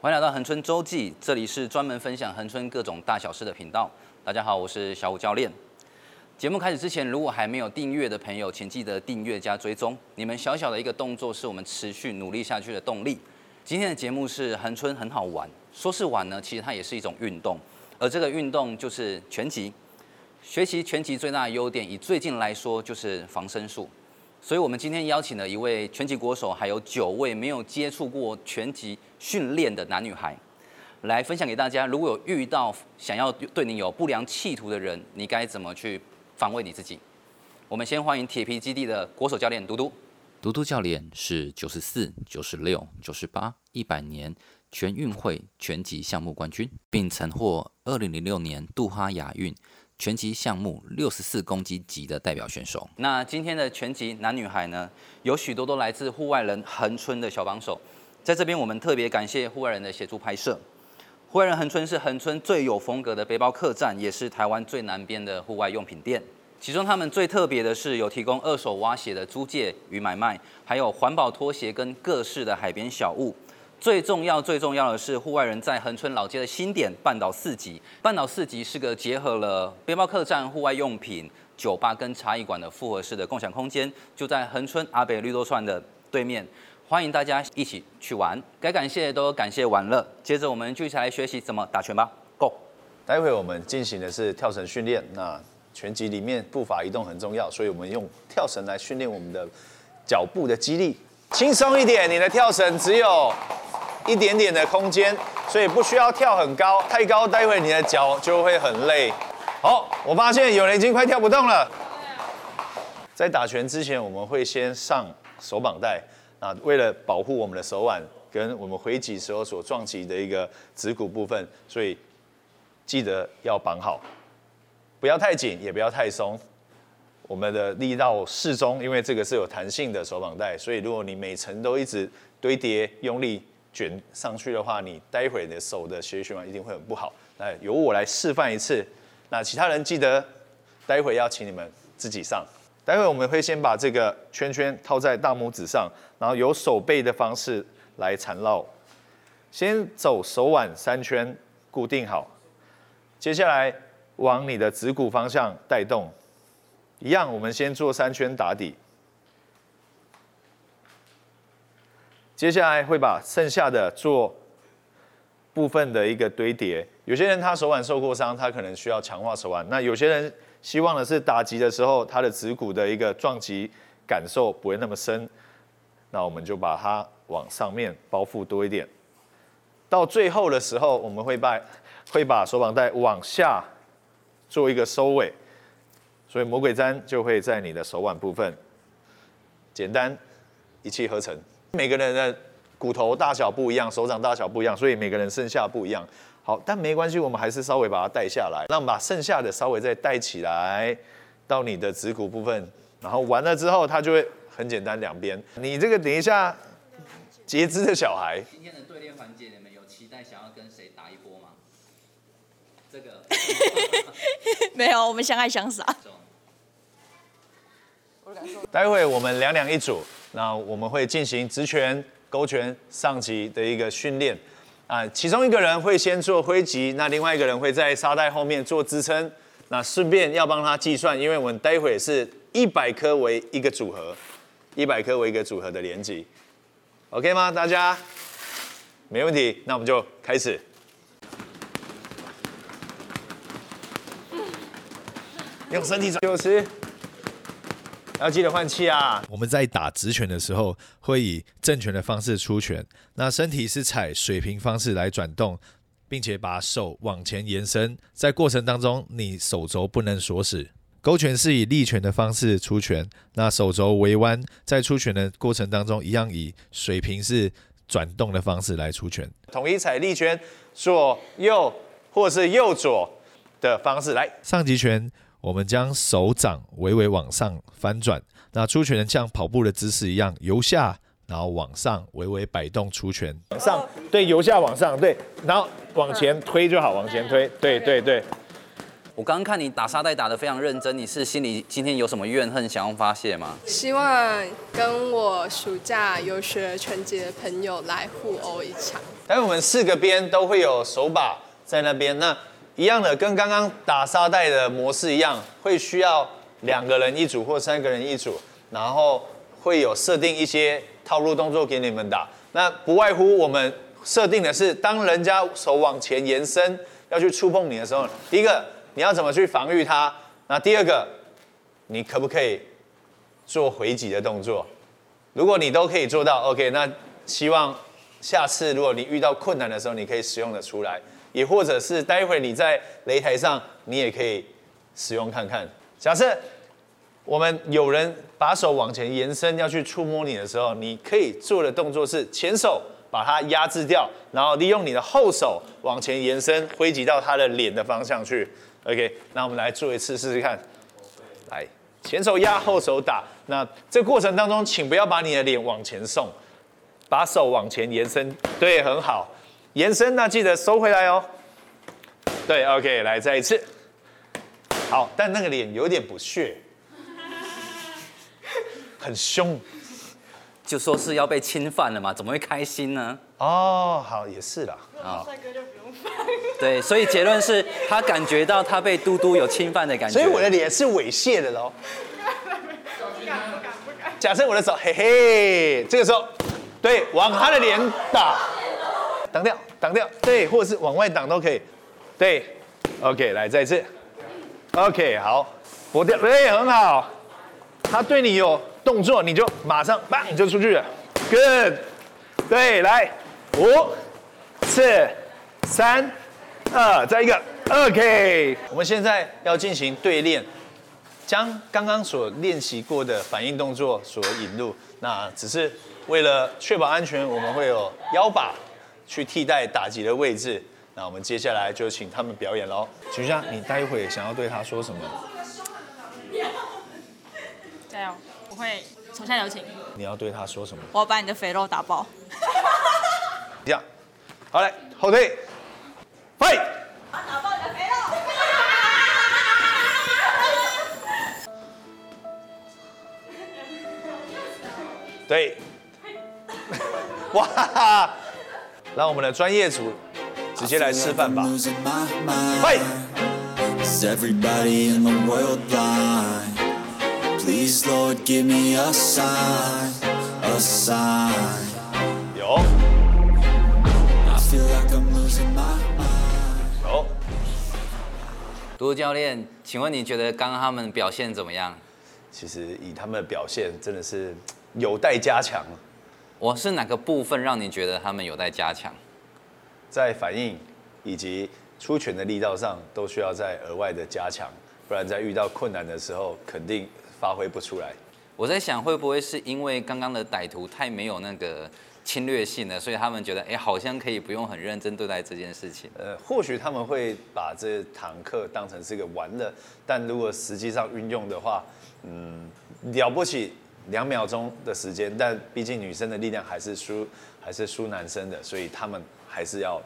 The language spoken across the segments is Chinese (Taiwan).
歡迎來到恆春週記，這裡是專門分享恆春各種大小事的頻道。大家好，我是小虎教練。節目開始之前，如果還沒有訂閱的朋友，請記得訂閱加追蹤。你們小小的一個動作，是我們持續努力下去的動力。今天的節目是恆春很好玩，說是玩呢，其實它也是一種運動。而這個運動就是拳擊。學習拳擊最大的優點，以最近來說，就是防身術。所以，我們今天邀請了一位拳擊國手，還有九位沒有接觸過拳擊訓練的男女孩，來分享給大家。如果有遇到想要對你有不良企圖的人，你該怎麼去防衛你自己？我們先歡迎鐵皮基地的國手教練嘟嘟。嘟嘟教練是九十四、九十六、九十八、一百年全運會拳擊項目冠軍，並曾獲二零零六年杜哈亞運。拳擊項目六十四公斤級的代表選手。那今天的拳擊男女孩呢，有許多都來自戶外人恆春的小幫手。在這邊，我們特別感謝戶外人的協助拍攝。戶外人恆春是恆春最有風格的背包客棧，也是台灣最南邊的戶外用品店。其中他們最特別的是有提供二手蛙鞋的租借與買賣，還有環保拖鞋跟各式的海邊小物。最重要、最重要的是，戶外人在恆春老街的新店「半島四季」。半島四季是個結合了背包客棧、戶外用品、酒吧跟茶藝館的複合式的共享空間，就在恆春阿北綠豆串的對面。歡迎大家一起去玩，該感謝的都感謝完了。接着我們就一起來學習怎麼打拳吧。Go！待會我們進行的是跳繩訓練。那拳擊裡面步伐移動很重要，所以我們用跳繩來訓練我們的腳步的肌力。輕鬆一點，你的跳繩只有一點點的空間，所以不需要跳很高，太高待會你的腳就會很累。好，我發現有人已經快跳不動了。在打拳之前，我們會先上手綁帶，啊，為了保護我們的手腕跟我們回擊時候所撞擊的一個指骨部分，所以記得要綁好，不要太緊，也不要太鬆。我們的力道適中，因為這個是有彈性的手綁帶，所以如果你每層都一直堆疊用力捲上去的話，你待會你的手的血液循環一定會很不好。來，由我來示範一次，那其他人記得待會要請你們自己上。待會我們會先把這個圈圈套在大拇指上，然後由手背的方式來纏繞，先走手腕三圈固定好，接下來往你的指骨方向帶動。一樣，我們先做三圈打底。接下來會把剩下的做部分的一個堆疊。有些人他手腕受過傷，他可能需要強化手腕。那有些人希望的是打擊的時候，他的指骨的一個撞擊感受不會那麼深。那我們就把它往上面包覆多一點。到最後的時候，我們會把會把手綁帶往下做一個收尾。所以魔鬼氈就會在你的手腕部分，簡單，一氣呵成。每個人的骨頭大小不一樣，手掌大小不一樣，所以每個人剩下不一樣。好，但沒關係，我們還是稍微把它帶下來。那我們把剩下的稍微再帶起來，到你的指骨部分。然後完了之後，它就會很簡單，兩邊。你這個等一下截肢的小孩。今天的對練環節，你們有期待想要跟誰打一波嗎？這 個 沒有，我們相愛相殺。待會我們兩兩一組，那我們會進行直拳、勾拳、上擊的一個訓練，啊，其中一個人會先做揮擊，那另外一個人會在沙袋後面做支撐，那順便要幫他計算，因為我們待會是一百顆為一個組合，一百顆為一個組合的連擊，OK 嗎？大家？沒問題，那我們就開始。嗯、用身體轉，休息。要記得換氣啊！我們在打直拳的時候，會以正拳的方式出拳，那身體是踩水平方式來轉動，並且把手往前延伸。在過程當中，你手肘不能鎖死。勾拳是以力拳的方式出拳，那手肘微彎，在出拳的過程當中，一樣以水平式轉動的方式來出拳。統一踩力拳，左右或是右左的方式來上擊拳。我們將手掌微微往上翻轉，那出拳像跑步的姿勢一樣，由下然後往上微微擺動出拳，往上對，由下往上對，然後往前推就好，往前推，對對對。我剛剛看你打沙袋打得非常認真，你是心裡今天有什麼怨恨想要發洩嗎？希望跟我暑假遊學拳擊的朋友來互毆一場。我們四個邊都會有手把在那邊呢，那。一樣的，跟剛剛打沙袋的模式一樣，會需要兩個人一組或三個人一組，然後會有設定一些套路動作給你們打。那不外乎我們設定的是，當人家手往前延伸要去觸碰你的時候，第一個你要怎麼去防禦他？那第二個，你可不可以做回擊的動作？如果你都可以做到，OK，那希望下次如果你遇到困難的時候，你可以使用的出來。也或者是待會你在擂台上，你也可以使用看看。假設我們有人把手往前延伸要去觸摸你的時候，你可以做的動作是前手把它壓制掉，然後利用你的後手往前延伸，揮擊到他的臉的方向去。OK，那我們來做一次試試看。來，前手壓後手打。那這過程當中，請不要把你的臉往前送，把手往前延伸。對，很好。延伸，那記得收回來哦。對，OK，來再一次。好，但那個臉有點不屑，很兇，就說是要被侵犯了嘛？怎麼會開心呢？哦，好，也是啦。啊，帥哥就不用。對，所以結論是他感覺到他被嘟嘟有侵犯的感覺。所以我的臉是猥褻的咯。敢不敢不敢。假設我的手，嘿嘿，這個時候，對，往他的臉打。擋掉，擋掉，對，或者是往外擋都可以，對，OK，來，再一次，OK，好，撥掉，對，很好，他對你有動作，你就馬上，bang，就出去了，Good，對，來，五、四、三、二，再一個，OK，我們現在要進行對練，將剛剛所練習過的反應動作所引入，那只是為了確保安全，我們會有腰靶。去替代打擊的位置，那我們接下來就請他們表演嘍。徐佳， 你待會想要對他說什麼？加油，我會手下留情。你要對他說什麼？我要把你的肥肉打爆。 這樣，好嘞，後退，嘿。把打爆你的肥肉。 對。 哇讓我們的專業組直接來示範吧，Hey 有？有。嘟嘟教練，請問你覺得剛剛他們表現怎麼樣？其實以他們的表現，真的是有待加強。我、哦、是哪個部分讓你覺得他們有在加強？在反應以及出拳的力道上，都需要再額外的加強，不然在遇到困難的時候，肯定發揮不出來。我在想，會不會是因為剛剛的歹徒太沒有那個侵略性了，所以他們覺得，哎、欸，好像可以不用很認真對待這件事情。呃，或許他們會把這堂課當成是一個玩樂，但如果實際上運用的話，嗯，了不起。兩秒鐘的時間，但畢竟女生的力量還是輸，還是輸男生的，所以他們還是要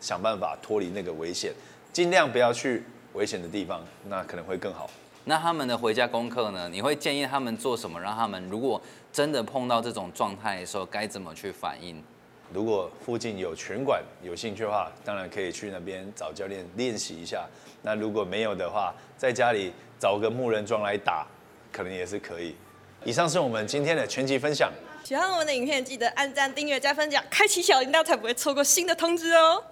想辦法脫離那個危險，儘量不要去危險的地方，那可能會更好。那他們的回家功課呢？你會建議他們做什麼？讓他們如果真的碰到這種狀態的時候，該怎麼去反應？如果附近有拳館，有興趣的話，當然可以去那邊找教練練習一下。那如果沒有的話，在家裡找個木人樁來打，可能也是可以。以上是我們今天的全集分享。喜歡我們的影片，記得按讚、訂閱、加分享，開啟小鈴鐺，才不會錯過新的通知哦。